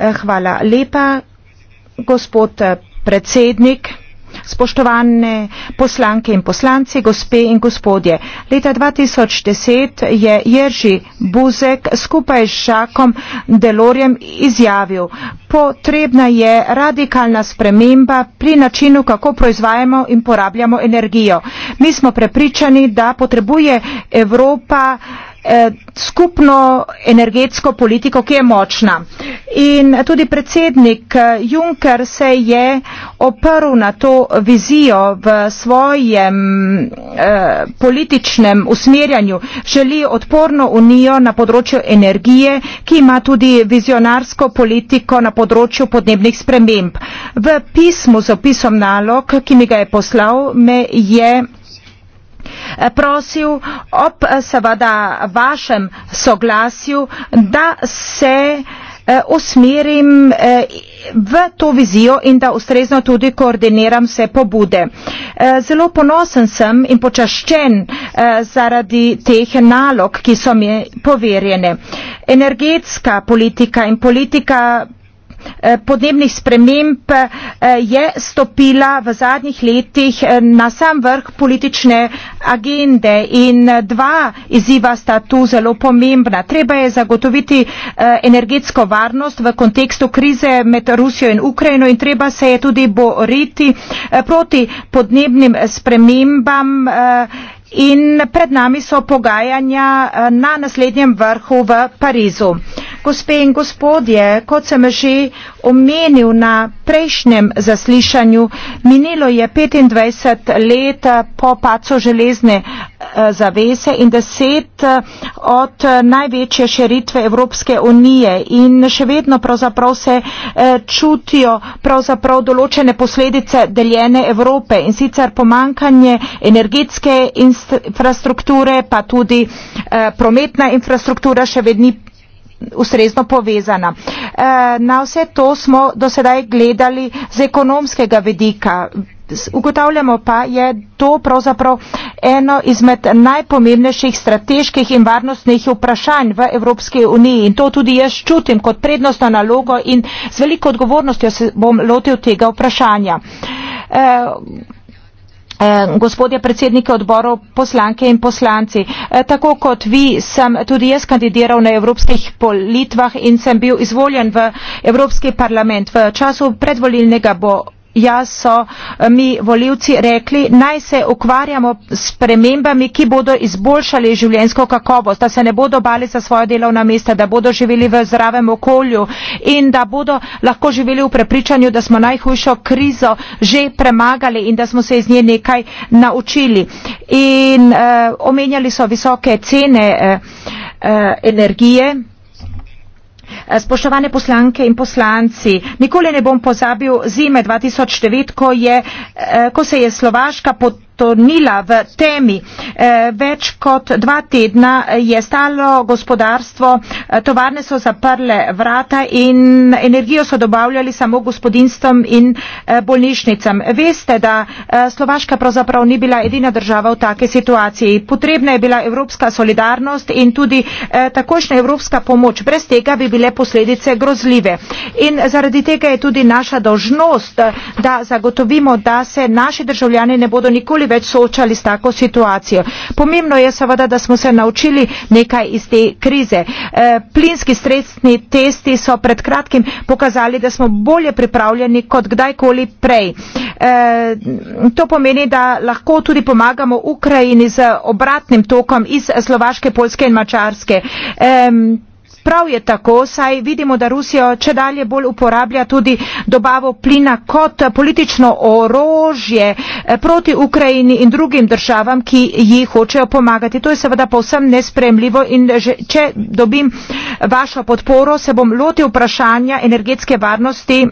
Eh, hvala lepa, gospod eh, predsednik. Spoštovane poslanke in poslanci, gospe in gospodje, leta 2010 je Jerži Buzek skupaj s Žakom Delorjem izjavil, potrebna je radikalna sprememba pri načinu, kako proizvajamo in porabljamo energijo. Mi smo prepričani, da potrebuje Evropa Eh, skupno energetsko politiko, ki je močna. In tudi predsednik eh, Juncker se je oprl na to vizijo v svojem eh, političnem usmerjanju. Želi odporno unijo na področju energije, ki ima tudi vizionarsko politiko na področju podnebnih sprememb. V pismu z opisom nalog, ki mi ga je poslal, me je prosil ob eh, seveda vašem soglasju, da se eh, usmerim eh, v to vizijo in da ustrezno tudi koordiniram vse pobude. Zelo ponosen sem in počaščen zaradi teh nalog, ki so mi poverjene. Energetska politika in politika Eh, podnebnih sprememb eh, je stopila v zadnjih letih eh, na sam vrh politične agende in dva izziva sta tu zelo pomembna. Treba je zagotoviti energetsko varnost v kontekstu krize med Rusijo in Ukrajino in treba se je tudi boriti proti podnebnim spremembam. In pred nami so pogajanja na naslednjem vrhu v Parizu. Gospe in gospodje, kot sem že omenil na prejšnjem zaslišanju, minilo je 25 let po pacu železne eh, zavese in deset eh, od eh, največje širitve Evropske unije in še vedno pravzaprav se čutijo pravzaprav določene posledice deljene Evrope in sicer pomankanje energetske infrastrukture, pa tudi prometna infrastruktura še vedno ustrezno povezana. Eh, na vse to smo do sedaj gledali z ekonomskega vedika. Ugotavljamo pa je to pravzaprav eno izmed najpomembnejših strateških in varnostnih vprašanj v Evropski uniji in to tudi jaz čutim kot prednostno nalogo in z veliko odgovornostjo se bom lotil tega vprašanja. Eh, Eh, gospodje predsednike odborov, poslanke in poslanci. Eh, tako kot vi sem tudi jaz kandidiral na evropskih politvah in sem bil izvoljen v Evropski parlament. V času predvolilnega bo jaz so eh, mi voljivci rekli, naj se ukvarjamo s premembami, ki bodo izboljšali življenjsko kakovost, da se ne bodo bali za svoje delovna mesta, da bodo živeli v zdravem okolju in da bodo lahko živeli v prepričanju, da smo najhujšo krizo že premagali in da smo se iz nje nekaj naučili. In eh, omenjali so visoke cene eh, eh, energije. Eh, spoštovane poslanke in poslanci, nikoli ne bom pozabil zime 2009, ko, je, eh, ko se je Slovaška potrebovala Tonila v temi. Eh, več kot dva tedna je stalo gospodarstvo, eh, tovarne so zaprle vrata in energijo so dobavljali samo gospodinstvom in eh, bolnišnicam. Veste, da Slovaška pravzaprav ni bila edina država v take situaciji. Potrebna je bila evropska solidarnost in tudi takošnja evropska pomoč. Brez tega bi bile posledice grozljive. In zaradi tega je tudi naša dožnost, da zagotovimo, da se naši državljani ne bodo nikoli več soočali s tako situacijo. Pomembno je seveda, da smo se naučili nekaj iz te krize. E, plinski stresni testi so pred kratkim pokazali, da smo bolje pripravljeni kot kdajkoli prej. E, to pomeni, da lahko tudi pomagamo Ukrajini z obratnim tokom iz Slovaške, Polske in Mačarske. E, Čeprav je tako, saj vidimo, da Rusija če dalje bolj uporablja tudi dobavo plina kot politično orožje eh, proti Ukrajini in drugim državam, ki jih hočejo pomagati. To je seveda povsem nespremljivo in že, če dobim eh, vašo podporo, se bom loti vprašanja energetske varnosti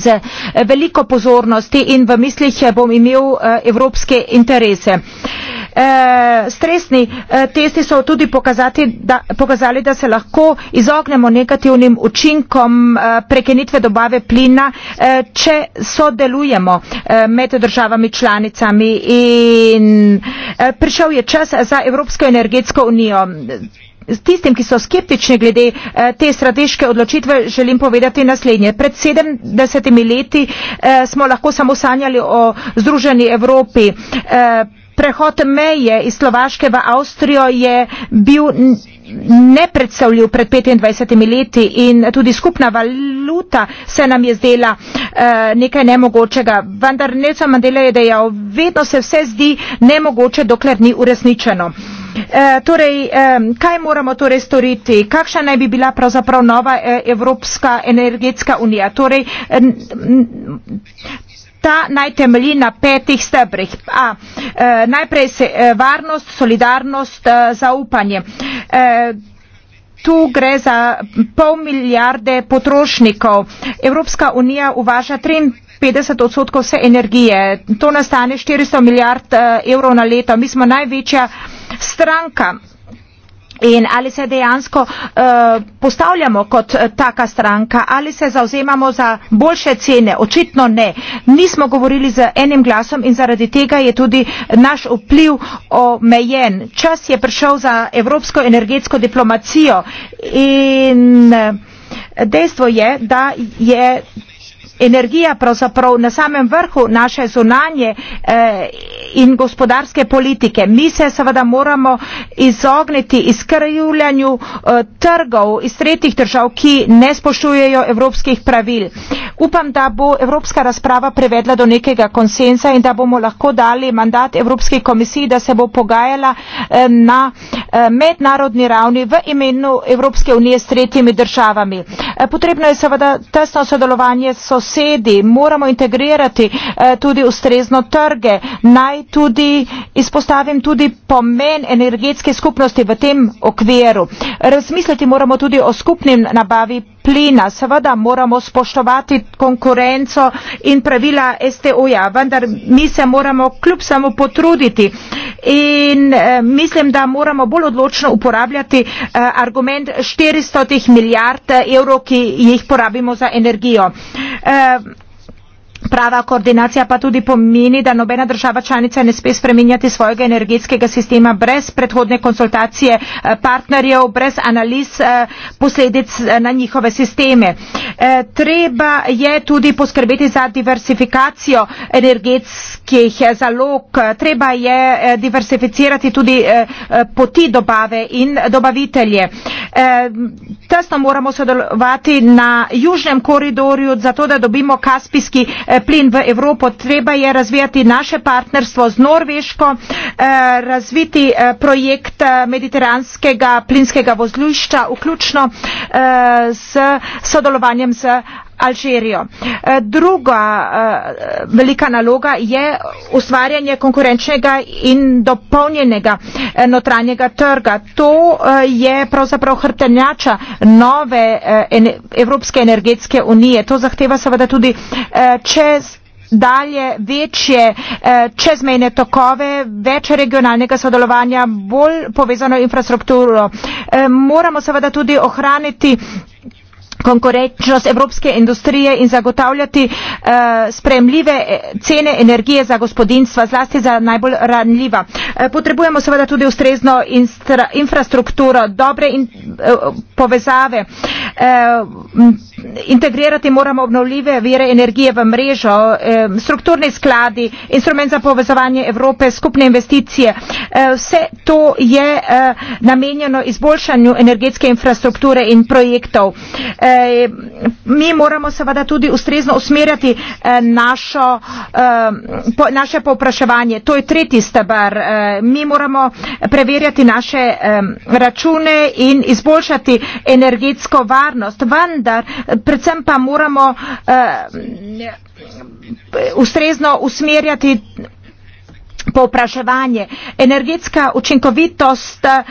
z eh, veliko pozornosti in v mislih bom imel evropske interese. Uh, Eh, stresni eh, testi so tudi pokazati, da, pokazali, da se lahko izognemo negativnim učinkom eh, prekenitve dobave plina, če sodelujemo med državami članicami. In prišel je čas za Evropsko energetsko unijo. Tistim, ki so skeptični glede te strateške odločitve, želim povedati naslednje. Pred 70 leti smo lahko samo sanjali o Združeni Evropi. Prehod meje iz Slovaške v Avstrijo je bil nepredstavljiv pred 25 leti in tudi skupna valuta se nam je zdela uh, nekaj nemogočega. Vendar Nelson Mandela je dejal, vedno se vse zdi nemogoče, dokler ni uresničeno. Uh, torej, um, kaj moramo torej storiti? Kakšna naj bi bila pravzaprav nova uh, Evropska energetska unija? Torej, um, ta naj temelji na petih stebrih. A, e, najprej se e, varnost, solidarnost, e, zaupanje. E, Tu gre za pol milijarde potrošnikov. Evropska unija uvaža 53 odstotkov vse energije. To nastane 400 milijard e, evrov na leto. Mi smo največja stranka. In ali se dejansko uh, postavljamo kot eh, taka stranka, ali se zauzemamo za boljše cene? Očitno ne. Nismo govorili z enim glasom in zaradi tega je tudi naš vpliv omejen. Čas je prišel za evropsko energetsko diplomacijo in eh, dejstvo je, da je energija pravzaprav na samem vrhu naše zunanje eh, in gospodarske politike. Mi se seveda moramo izogniti izkrivljanju eh, trgov iz tretjih držav, ki ne spoštujejo evropskih pravil. Upam, da bo evropska razprava prevedla do nekega konsensa in da bomo lahko dali mandat Evropski komisiji, da se bo pogajala eh, na mednarodni ravni v imenu Evropske unije s tretjimi državami. Potrebno je seveda tesno sodelovanje s so sosedi, moramo integrirati eh, tudi ustrezno trge. Naj tudi izpostavim tudi pomen energetske skupnosti v tem okviru. Razmisliti moramo tudi o skupnem nabavi plina. Seveda moramo spoštovati konkurenco in pravila STO-ja, vendar mi se moramo kljub samo potruditi. In eh, mislim, da moramo bolj odločno uporabljati eh, argument 400 milijard evrov, ki jih porabimo za energijo. Eh, Prava koordinacija pa tudi pomeni, da nobena država članica ne sme spreminjati svojega energetskega sistema brez predhodne konsultacije eh, partnerjev, brez analiz eh, posledic eh, na njihove sisteme. Treba je tudi poskrbeti za diversifikacijo energetskih zalog, treba je diversificirati tudi poti dobave in dobavitelje. Tesno moramo sodelovati na južnem koridorju, zato da dobimo Kaspijski Eh, plin v Evropo, treba je razvijati naše partnerstvo z Norveško, eh, razviti eh, projekt mediteranskega plinskega vozlišča, vključno s sodelovanjem z Alžirijo. Eh, druga eh, velika naloga je ustvarjanje konkurenčnega in dopolnjenega eh, notranjega trga. To je pravzaprav hrtenjača nove Evropske energetske unije. To zahteva seveda tudi čez dalje večje čezmejne tokove, več regionalnega sodelovanja, bolj povezano infrastrukturo. Moramo seveda tudi ohraniti konkurenčnost evropske industrije in zagotavljati eh, spremljive eh, cene energije za gospodinstva, zlasti za najbolj ranljiva. Eh, potrebujemo seveda tudi ustrezno instra, infrastrukturo, dobre in, eh, povezave. Eh, integrirati moramo obnovljive vire energije v mrežo, eh, strukturni skladi, instrument za povezovanje Evrope, skupne investicije. Eh, vse to je eh, namenjeno izboljšanju energetske infrastrukture in projektov. Eh, Eh, mi moramo seveda tudi ustrezno usmerjati eh, našo, eh, naše popraševanje. To je tretji stebar. Mi moramo preverjati naše račune in izboljšati energetsko varnost. Vendar, predvsem pa moramo ustrezno usmerjati povpraševanje. Energetska učinkovitost eh,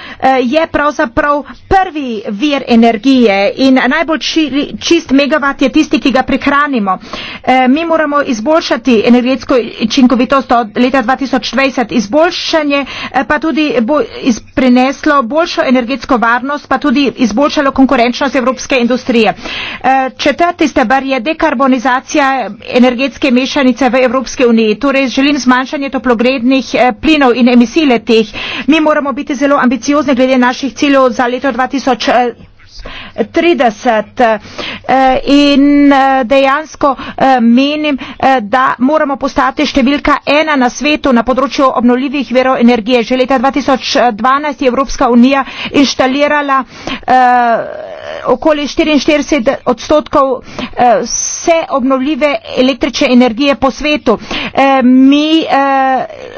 je pravzaprav prvi vir energije in najbolj čist megavat je tisti, ki ga prihranimo. Eh, mi moramo izboljšati energetsko učinkovitost od leta 2020. Izboljšanje eh, pa tudi bo prineslo boljšo energetsko varnost, pa tudi izboljšalo konkurenčnost evropske industrije. Četrti stebr je dekarbonizacija energetske mešanice v Evropske uniji. Torej želim zmanjšanje toplogrednih toplogrednih eh, plinov in emisij letih. Mi moramo biti zelo ambiciozni glede naših ciljev za leto 2020 trideset eh, in eh, dejansko eh, menim, da moramo postati številka ena na svetu na področju obnoljivih verov energije. Že leta 2012 je Evropska unija inštalirala okoli 44 odstotkov vse obnoljive električne energije po svetu. Mi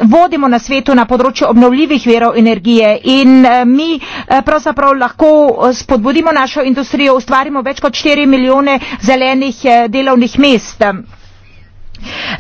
vodimo na svetu na področju obnoljivih verov energije in mi pravzaprav lahko spodbudimo našo industrijo ustvarimo več kot štiri milijone zelenih eh, delovnih mest.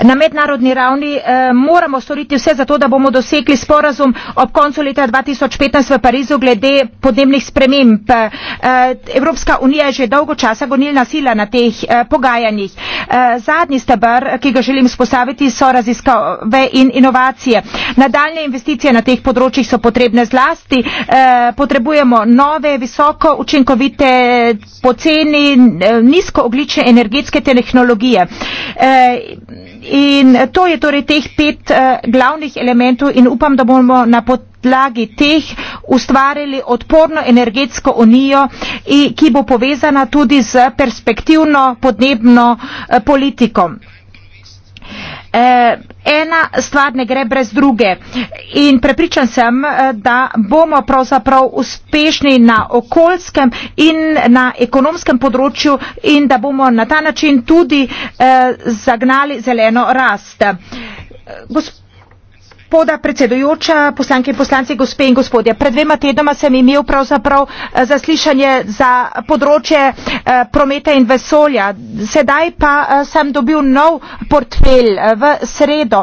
Na mednarodni ravni eh, moramo storiti vse za to, da bomo dosegli sporazum ob koncu leta 2015 v Parizu glede podnebnih sprememb. Eh, Evropska unija je že dolgo časa gonilna sila na teh eh, pogajanjih. Eh, zadnji stebr, ki ga želim spostaviti, so raziskave in inovacije. Nadaljne investicije na teh področjih so potrebne zlasti. Eh, potrebujemo nove, visoko učinkovite, poceni, eh, nizkooglične energetske tehnologije. Eh, In to je torej teh pet uh, glavnih elementov in upam, da bomo na podlagi teh ustvarili odporno energetsko unijo, ki bo povezana tudi z perspektivno podnebno uh, politiko eh, ena stvar ne gre brez druge. In prepričan sem, eh, da bomo pravzaprav uspešni na okoljskem in na ekonomskem področju in da bomo na ta način tudi eh, zagnali zeleno rast. Eh, Gospod gospoda predsedujoča, poslanke in poslanci, gospe in gospodje. Pred dvema tednoma sem imel pravzaprav eh, zaslišanje za področje eh, prometa in vesolja. Sedaj pa eh, sem dobil nov portfelj v sredo.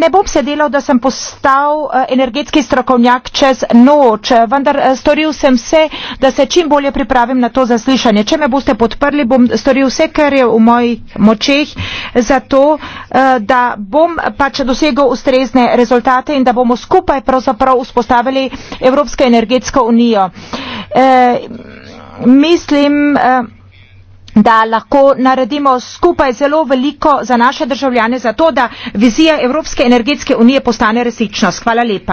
Ne bom se delal, da sem postal energetski strokovnjak čez noč, vendar storil sem vse, da se čim bolje pripravim na to zaslišanje. Če me boste podprli, bom storil vse, kar je v mojih močeh, zato da bom pač dosegel ustrezne rezultate in da bomo skupaj pravzaprav vzpostavili Evropsko energetsko unijo. E, mislim, eh, da lahko naredimo skupaj zelo veliko za naše državljane, zato da vizija Evropske energetske unije postane resničnost. Hvala lepa.